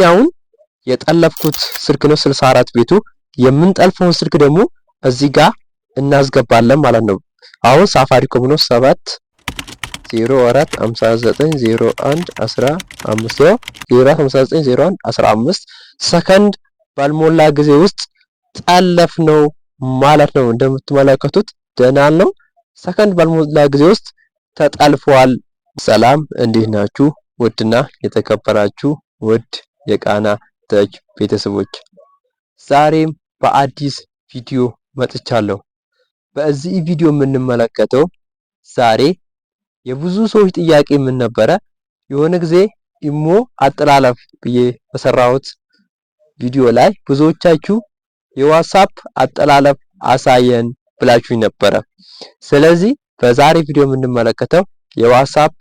ይሄኛውን የጠለፍኩት ስልክ ነው 64 ቤቱ የምንጠልፈውን ስልክ ደግሞ እዚህ ጋር እናስገባለን ማለት ነው። አሁን ሳፋሪኮም ነው 7 04 59 01 15 ሰከንድ ባልሞላ ጊዜ ውስጥ ጠለፍ ነው ማለት ነው። እንደምትመለከቱት ደናል ነው። ሰከንድ ባልሞላ ጊዜ ውስጥ ተጠልፈዋል። ሰላም እንዴት ናችሁ? ውድና የተከበራችሁ ውድ የቃና ተች ቤተሰቦች ዛሬም በአዲስ ቪዲዮ መጥቻለሁ። በዚህ ቪዲዮ የምንመለከተው ዛሬ የብዙ ሰዎች ጥያቄ ምን ነበረ፣ የሆነ ጊዜ ኢሞ አጠላለፍ ብዬ በሰራሁት ቪዲዮ ላይ ብዙዎቻችሁ የዋትሳፕ አጠላለፍ አሳየን ብላችሁኝ ነበረ። ስለዚህ በዛሬ ቪዲዮ የምንመለከተው የዋትሳፕ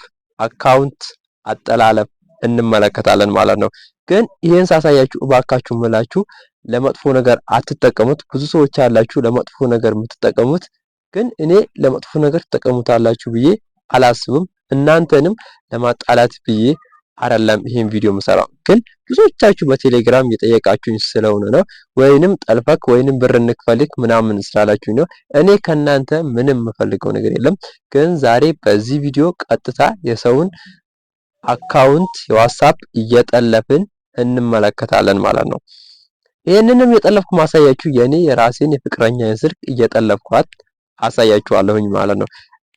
አካውንት አጠላለፍ እንመለከታለን ማለት ነው። ግን ይህን ሳሳያችሁ እባካችሁ ምላችሁ ለመጥፎ ነገር አትጠቀሙት። ብዙ ሰዎች አላችሁ ለመጥፎ ነገር የምትጠቀሙት፣ ግን እኔ ለመጥፎ ነገር ትጠቀሙታላችሁ ብዬ አላስብም። እናንተንም ለማጣላት ብዬ አይደለም ይሄን ቪዲዮ የምሰራው። ግን ብዙዎቻችሁ በቴሌግራም እየጠየቃችሁኝ ስለሆነ ነው፣ ወይንም ጠልፈክ ወይንም ብር እንክፈልክ ምናምን ስላላችሁኝ ነው። እኔ ከእናንተ ምንም የምፈልገው ነገር የለም። ግን ዛሬ በዚህ ቪዲዮ ቀጥታ የሰውን አካውንት የዋትሳፕ እየጠለፍን እንመለከታለን ማለት ነው። ይህንንም የጠለፍኩ ማሳያችሁ የኔ የራሴን የፍቅረኛ ስልክ እየጠለፍኳት አሳያችኋለሁኝ ማለት ነው።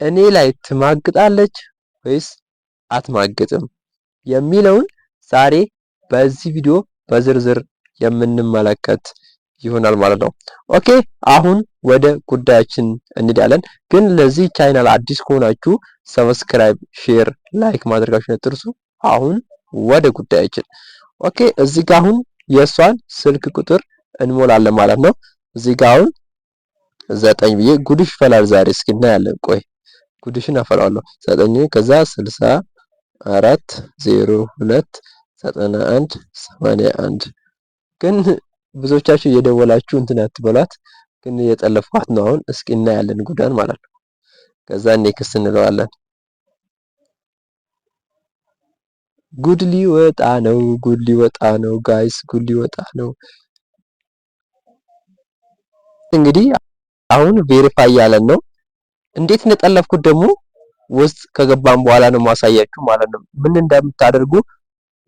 እኔ ላይ ትማግጣለች ወይስ አትማግጥም የሚለውን ዛሬ በዚህ ቪዲዮ በዝርዝር የምንመለከት ይሆናል ማለት ነው። ኦኬ አሁን ወደ ጉዳያችን እንሄዳለን። ግን ለዚህ ቻናል አዲስ ከሆናችሁ ሰብስክራይብ፣ ሼር፣ ላይክ ማድረጋችሁን አትርሱ። አሁን ወደ ጉዳያችን ኦኬ እዚህ ጋር አሁን የእሷን ስልክ ቁጥር እንሞላለን ማለት ነው። እዚህ ጋር አሁን ዘጠኝ ብዬ ጉድሽ ይፈላል ዛሬ እስኪ እናያለን። ቆይ ጉድሽን አፈላለሁ። ዘጠኝ ከዛ ስልሳ አራት ዜሮ ሁለት ዘጠና አንድ ሰማንያ አንድ ግን ብዙዎቻችሁ እየደወላችሁ እንትን አትበሏት፣ ግን እየጠለፏት ነው። አሁን እስኪ እናያለን ጉዳን ማለት ነው። ከዛ ኔክስት እንለዋለን። ጉድ ሊወጣ ነው፣ ጉድ ሊወጣ ነው፣ ጋይስ ጉድ ሊወጣ ነው። እንግዲህ አሁን ቬሪፋይ እያለን ነው። እንዴት እንደጠለፍኩት ደግሞ ውስጥ ከገባን በኋላ ነው ማሳያችሁ ማለት ነው። ምን እንደምታደርጉ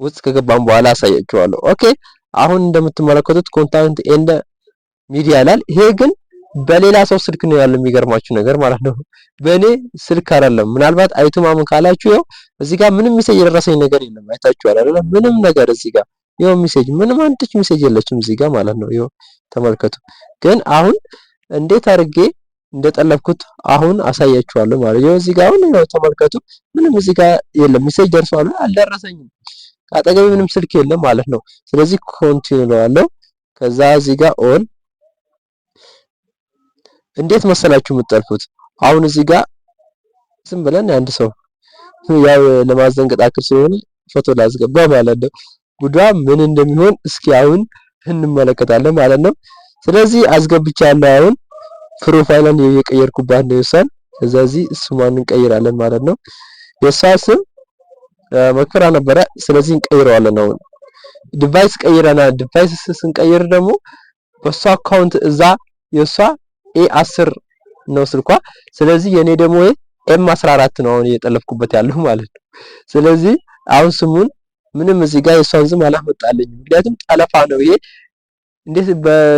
ውስጥ ከገባን በኋላ አሳያችኋለሁ። ኦኬ አሁን እንደምትመለከቱት ኮንታንት ኤንድ ሚዲያ ይላል። ይሄ ግን በሌላ ሰው ስልክ ነው ያለው። የሚገርማችሁ ነገር ማለት ነው በእኔ ስልክ አይደለም። ምናልባት አይቱ ማምን ካላችሁ ያው እዚህ ጋር ምንም ሚሴጅ የደረሰኝ ነገር የለም። አይታችኋል አይደለም? ምንም ነገር እዚህ ጋር ያው ሚሴጅ ምንም አንድች ሚሴጅ የለችም እዚህ ጋር ማለት ነው። ያው ተመልከቱ። ግን አሁን እንዴት አድርጌ እንደጠለብኩት አሁን አሳያችኋለሁ ማለት ነው። እዚህ ጋር አሁን ያው ተመልከቱ። ምንም እዚህ ጋር የለም። ሚሴጅ ደርሷል አልደረሰኝም። አጠገቤ ምንም ስልክ የለም ማለት ነው። ስለዚህ ኮንቲኒው እለዋለሁ። ከዛ እዚህ ጋር ኦን እንዴት መሰላችሁ የምጠልፉት አሁን እዚህ ጋር ዝም ብለን አንድ ሰው ያው ለማዘንገጥ አክል ስለሆነ ፎቶ ላስገባ ማለት ነው። ጉዷ ምን እንደሚሆን እስኪ አሁን እንመለከታለን ማለት ነው። ስለዚህ አስገብቻለሁ። አሁን ፕሮፋይልን የቀየርኩባት ነው የእሷን። ስለዚህ እሱማን እንቀይራለን ማለት ነው። የእሷ ስም መክፈራ ነበረ። ስለዚህ እንቀይረዋለን። አሁን ዲቫይስ ቀይረናል። ዲቫይስ ስንቀይር ደግሞ በእሷ አካውንት እዛ የእሷ ኤ 10 ነው ስልኳ። ስለዚህ የኔ ደግሞ ኤም 14 ነው አሁን እየጠለፍኩበት ያለው ማለት ነው። ስለዚህ አሁን ስሙን ምንም እዚህ ጋር የሷን ስም አላመጣልኝም፣ ምክንያቱም ጠለፋ ነው ይሄ። እንዴት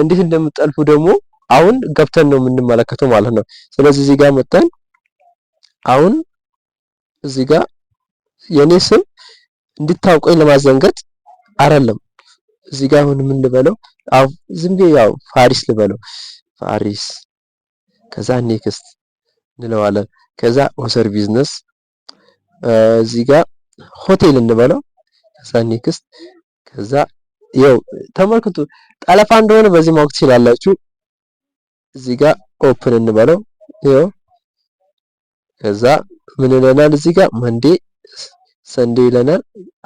እንዴት እንደምጠልፉ ደግሞ አሁን ገብተን ነው የምንመለከተው ማለት ነው። ስለዚህ እዚህ ጋር መጣን። አሁን እዚህ ጋር የኔ ስም እንድታውቀኝ ለማዘንገጥ አይደለም። እዚህ ጋር አሁን ምን ልበለው? ዝም ብዬ ያው ፋሪስ ልበለው ፋሪስ ከዛ ኔክስት እንለዋለን። ከዛ ኦሰር ቢዝነስ እዚህ ጋር ሆቴል እንበለው። ከዛ ኔክስት ከዛ ይኸው ተመልክቱ ጠለፋ እንደሆነ በዚህ ማወቅ ትችላላችሁ። እዚህ ጋር ኦፕን እንበለው። ይኸው ከዛ ምን ይለናል እዚህ ጋር መንዴ ሰንዴ ይለናል።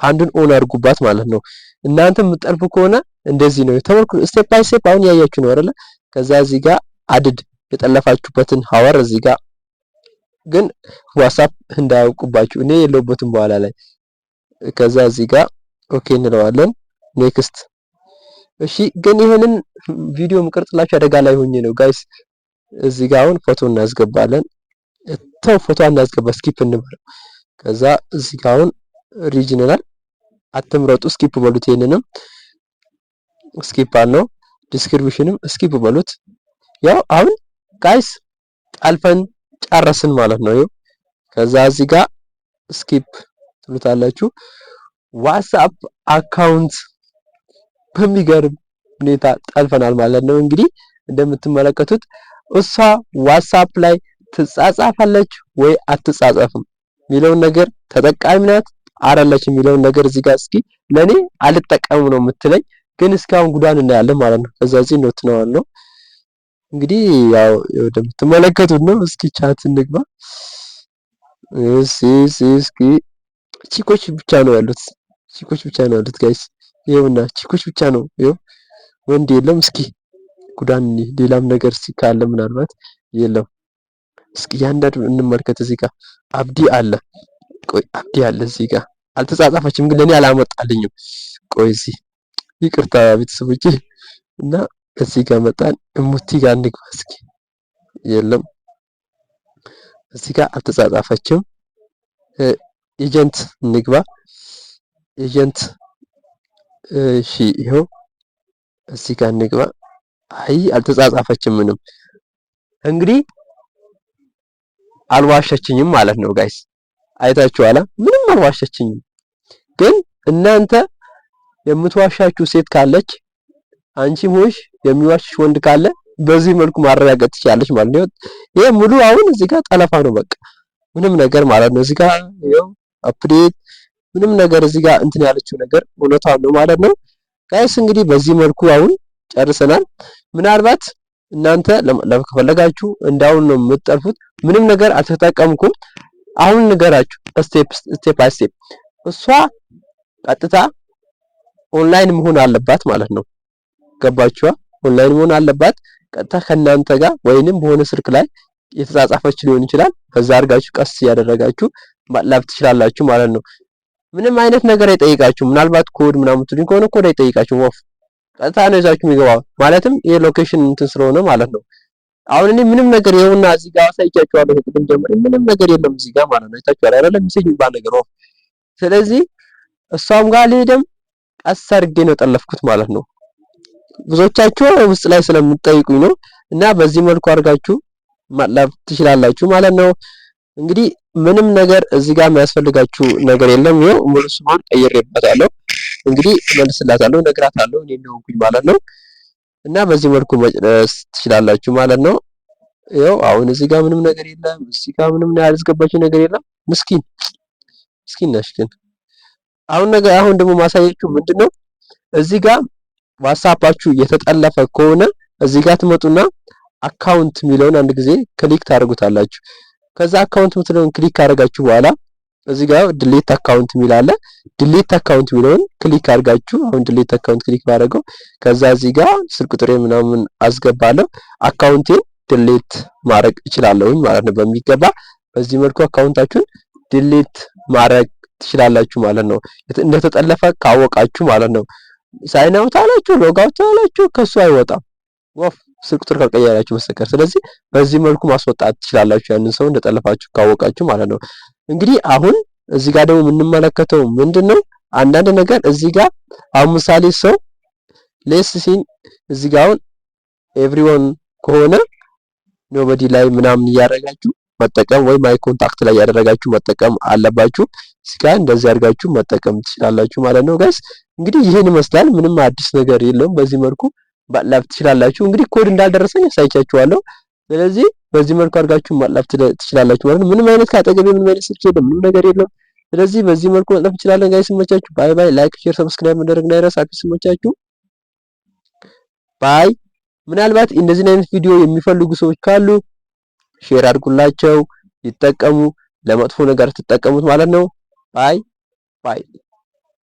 አንዱን ኦን አድርጉባት ማለት ነው። እናንተ የምትጠልፉ ከሆነ እንደዚህ ነው። ተመልክቱ ስቴፕ ባይ ስቴፕ አሁን ያያችሁ ነው አይደለ? ከዛ እዚህ ጋር አድድ የጠለፋችሁበትን ሀወር እዚህ ጋር ግን ዋትስአፕ እንዳያውቁባችሁ እኔ የለውበትም በኋላ ላይ ከዛ እዚህ ጋር ኦኬ እንለዋለን። ኔክስት እሺ። ግን ይሄንን ቪዲዮ ምቀርጽላችሁ አደጋ ላይ ሆኜ ነው ጋይስ። እዚህ ጋር አሁን ፎቶ እናስገባለን። ተው ፎቶ እናስገባ፣ ስኪፕ እንበል ከዛ እዚህ ጋር አሁን ሪጅናል አትምረጡ፣ ስኪፕ በሉት። ይሄንንም ስኪፕ አለው ዲስክሪፕሽንም ስኪፕ በሉት። ያው አሁን ጋይስ ጠልፈን ጨረስን ማለት ነው። ይኸው ከዛ እዚህ ጋር ስኪፕ ትሉታላችሁ። ዋትስአፕ አካውንት በሚገርም ሁኔታ ጠልፈናል ማለት ነው። እንግዲህ እንደምትመለከቱት እሷ ዋትስአፕ ላይ ትጻጻፋለች ወይ አትጻጻፍም የሚለውን ነገር ተጠቃሚ ናት አረለች የሚለውን ነገር እዚህ ጋር እስኪ ለኔ አልጠቀምም ነው የምትለኝ፣ ግን እስካሁን ጉዳን እናያለን ማለት ነው። ከዛ እዚህ ኖት ነው እንግዲህ ያው እንደምትመለከቱት ነው። እስኪ ቻት እንግባ። እስኪ እስኪ ቺኮች ብቻ ነው ያሉት፣ ቺኮች ብቻ ነው ያሉት ጋይስ። ይኸውና ቺኮች ብቻ ነው ይኸው፣ ወንድ የለም። እስኪ ጉዳን ሌላም ነገር እስኪ ካለ ምናልባት የለም። እስኪ ያንዳንዱ እንመልከት። እዚህ ጋር አብዲ አለ፣ ቆይ አብዲ አለ እዚህ ጋር አልተጻጻፈችም፣ ግን ለእኔ አላመጣልኝም። ቆይ እዚህ ይቅርታ ቤተሰቦቼ እና እዚህ ጋር መጣን። እሙቲ ጋር እንግባ እስኪ። የለም እዚህ ጋር አልተጻጻፈችም። ኤጀንት እንግባ። ኤጀንት እሺ፣ ይኸው እዚህ ጋር እንግባ። አይ አልተጻጻፈችም ምንም። እንግዲህ አልዋሸችኝም ማለት ነው ጋይስ። አይታችኋላ? ምንም አልዋሸችኝም። ግን እናንተ የምትዋሻችሁ ሴት ካለች አንቺም ሆንሽ የሚዋሽ ወንድ ካለ በዚህ መልኩ ማረጋገጥ ትችላለች ማለት ነው። ይሄ ሙሉ አሁን እዚህ ጋር ጠለፋ ነው በቃ ምንም ነገር ማለት ነው። እዚህ ጋር ይኸው አፕዴት ምንም ነገር እዚህ ጋር እንትን ያለችው ነገር እውነቷን ነው ማለት ነው። ጋይስ እንግዲህ በዚህ መልኩ አሁን ጨርሰናል። ምናልባት እናንተ ከፈለጋችሁ እንዳሁን ነው የምትጠልፉት። ምንም ነገር አልተጠቀምኩም። አሁን ንገራችሁ ስቴፕ ስቴፕ ባይ ስቴፕ እሷ ቀጥታ ኦንላይን መሆን አለባት ማለት ነው። ገባችኋ? ኦንላይን መሆን አለባት። ቀጥታ ከእናንተ ጋር ወይንም በሆነ ስልክ ላይ የተጻጻፈች ሊሆን ይችላል። በዛ አድርጋችሁ ቀስ እያደረጋችሁ ማላፍ ትችላላችሁ ማለት ነው። ምንም አይነት ነገር አይጠይቃችሁ። ምናልባት ኮድ ምናምን ትሉኝ ከሆነ ኮድ አይጠይቃችሁ። ወፍ ቀጥታ ነው ይዛችሁ የሚገባው ማለትም ይሄ ሎኬሽን እንትን ስለሆነ ማለት ነው። አሁን እኔ ምንም ነገር ይኸውና እዚህ ጋር አሳይቻችኋለሁ። ቅድም ጀምሬ ምንም ነገር የለም እዚህ ጋር ማለት ነው። አይታችኋል አይደለ? ሚሴጅ የሚባል ነገር ወፍ። ስለዚህ እሷም ጋር ልሄድም ቀስ አድርጌ ነው ጠለፍኩት ማለት ነው። ብዙዎቻችሁ ውስጥ ላይ ስለምትጠይቁኝ ነው እና በዚህ መልኩ አድርጋችሁ ማጥላብ ትችላላችሁ ማለት ነው። እንግዲህ ምንም ነገር እዚህ ጋር የሚያስፈልጋችሁ ነገር የለም። ይኸው ሙሉ ስሟን ቀይሬበታለሁ። እንግዲህ መልስላታለሁ፣ እነግራታለሁ እኔ እንደሆንኩኝ ማለት ነው። እና በዚህ መልኩ መጨረስ ትችላላችሁ ማለት ነው። ይኸው አሁን እዚህ ጋር ምንም ነገር የለም። እዚህ ጋር ምንም ያልዝገባችሁ ነገር የለም። ምስኪን ምስኪን ነሽ ግን አሁን ነገር አሁን ደግሞ ማሳያችሁ ምንድን ነው እዚህ ጋር ዋትሳፓችሁ እየተጠለፈ ከሆነ እዚህ ጋር ትመጡና አካውንት የሚለውን አንድ ጊዜ ክሊክ ታደርጉታላችሁ። ከዛ አካውንት የምትለውን ክሊክ ካደረጋችሁ በኋላ እዚህ ጋር ድሌት አካውንት የሚል አለ። ድሌት አካውንት የሚለውን ክሊክ አድርጋችሁ አሁን ድሌት አካውንት ክሊክ ባደረገው ከዛ እዚህ ጋር ስልክ ቁጥሬ ምናምን አስገባለሁ አካውንቴን ድሌት ማድረግ እችላለሁኝ ማለት ነው። በሚገባ በዚህ መልኩ አካውንታችሁን ድሌት ማድረግ ትችላላችሁ ማለት ነው። እንደተጠለፈ ካወቃችሁ ማለት ነው። ሳይን አውት አላችሁ ሎግ አውት አላችሁ ከሱ አይወጣም ወፍ ስልክ ቁጥር ካልቀየራችሁ በስተቀር። ስለዚህ በዚህ መልኩ ማስወጣት ትችላላችሁ ያንን ሰው እንደጠለፋችሁ ካወቃችሁ ማለት ነው። እንግዲህ አሁን እዚህ ጋር ደግሞ የምንመለከተው ምንድን ነው አንዳንድ ነገር እዚህ ጋር አሁን ምሳሌ ሰው ሌስ ሲን እዚህ ጋር አሁን ኤቭሪዋን ከሆነ ኖበዲ ላይ ምናምን እያደረጋችሁ መጠቀም ወይም ማይ ኮንታክት ላይ እያደረጋችሁ መጠቀም አለባችሁ። እዚህ ጋር እንደዚህ አድርጋችሁ መጠቀም ትችላላችሁ ማለት ነው ጋይስ። እንግዲህ ይህን ይመስላል። ምንም አዲስ ነገር የለውም። በዚህ መልኩ ማጥላፍ ትችላላችሁ። እንግዲህ ኮድ እንዳልደረሰኝ አሳይቻችኋለሁ። ስለዚህ በዚህ መልኩ አድርጋችሁ ማጥላፍ ትችላላችሁ ማለት ነው። ምንም አይነት ካጠገቤ ምንም አይነት ስልክ የለም፣ ምንም ነገር የለም። ስለዚህ በዚህ መልኩ ማጥላፍ እንችላለን። ጋይ ስመቻችሁ፣ ባይ ባይ። ላይክ፣ ሼር፣ ሰብስክራይብ መደረግ እንዳይረሳ። ስመቻችሁ፣ ባይ። ምናልባት እንደዚህ አይነት ቪዲዮ የሚፈልጉ ሰዎች ካሉ ሼር አድርጉላቸው፣ ይጠቀሙ። ለመጥፎ ነገር ትጠቀሙት ማለት ነው። ባይ ባይ።